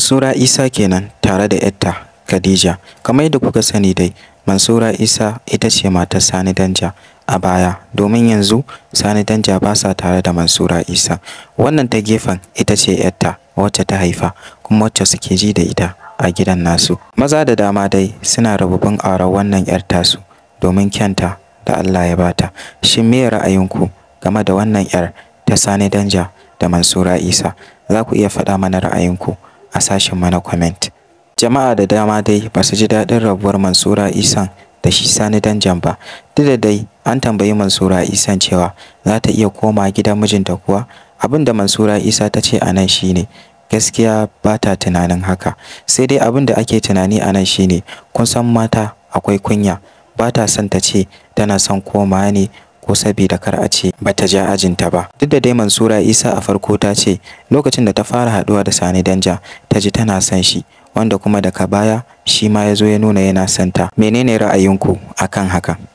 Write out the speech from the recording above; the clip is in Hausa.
Mansura Isa kenan tare da ‘yarta Khadija. Kamar yadda kuka sani dai, Mansura Isa ita ce matar Sani Danja a baya, domin yanzu Sani Danja ba sa tare da Mansura Isa. Wannan ta gefen ita ce ‘yarta wacce ta haifa kuma wacce suke ji da ita a gidan nasu. Maza da dama dai suna rububin auren wannan ‘yar tasu domin kyanta da Allah ya bata. Shin me ra'ayinku game da wannan ‘yar ta Sani Danja da Mansura Isa? Za ku iya faɗa mana ra'ayinku. a sashen mana comment. Jama'a da dama dai ba su ji daɗin rabuwar Mansura Isan da shi Sani Danjan ba. Duk da dai an tambayi Mansura Isan cewa za ta iya koma gidan mijinta kuwa Abinda Mansura Isa ta ce a nan shine gaskiya ba ta tunanin haka sai dai abin da ake tunani anan nan shine kun san mata akwai kunya ba ta son ta ce tana son koma ne ko saboda kar a ce bata ja ajinta ba duk da dai Mansura Isa a farko ta ce lokacin da ta fara haduwa da Sani Danja ta ji tana son shi wanda kuma daga baya shi ma ya zo ya nuna yana son ta menene ra'ayinku akan haka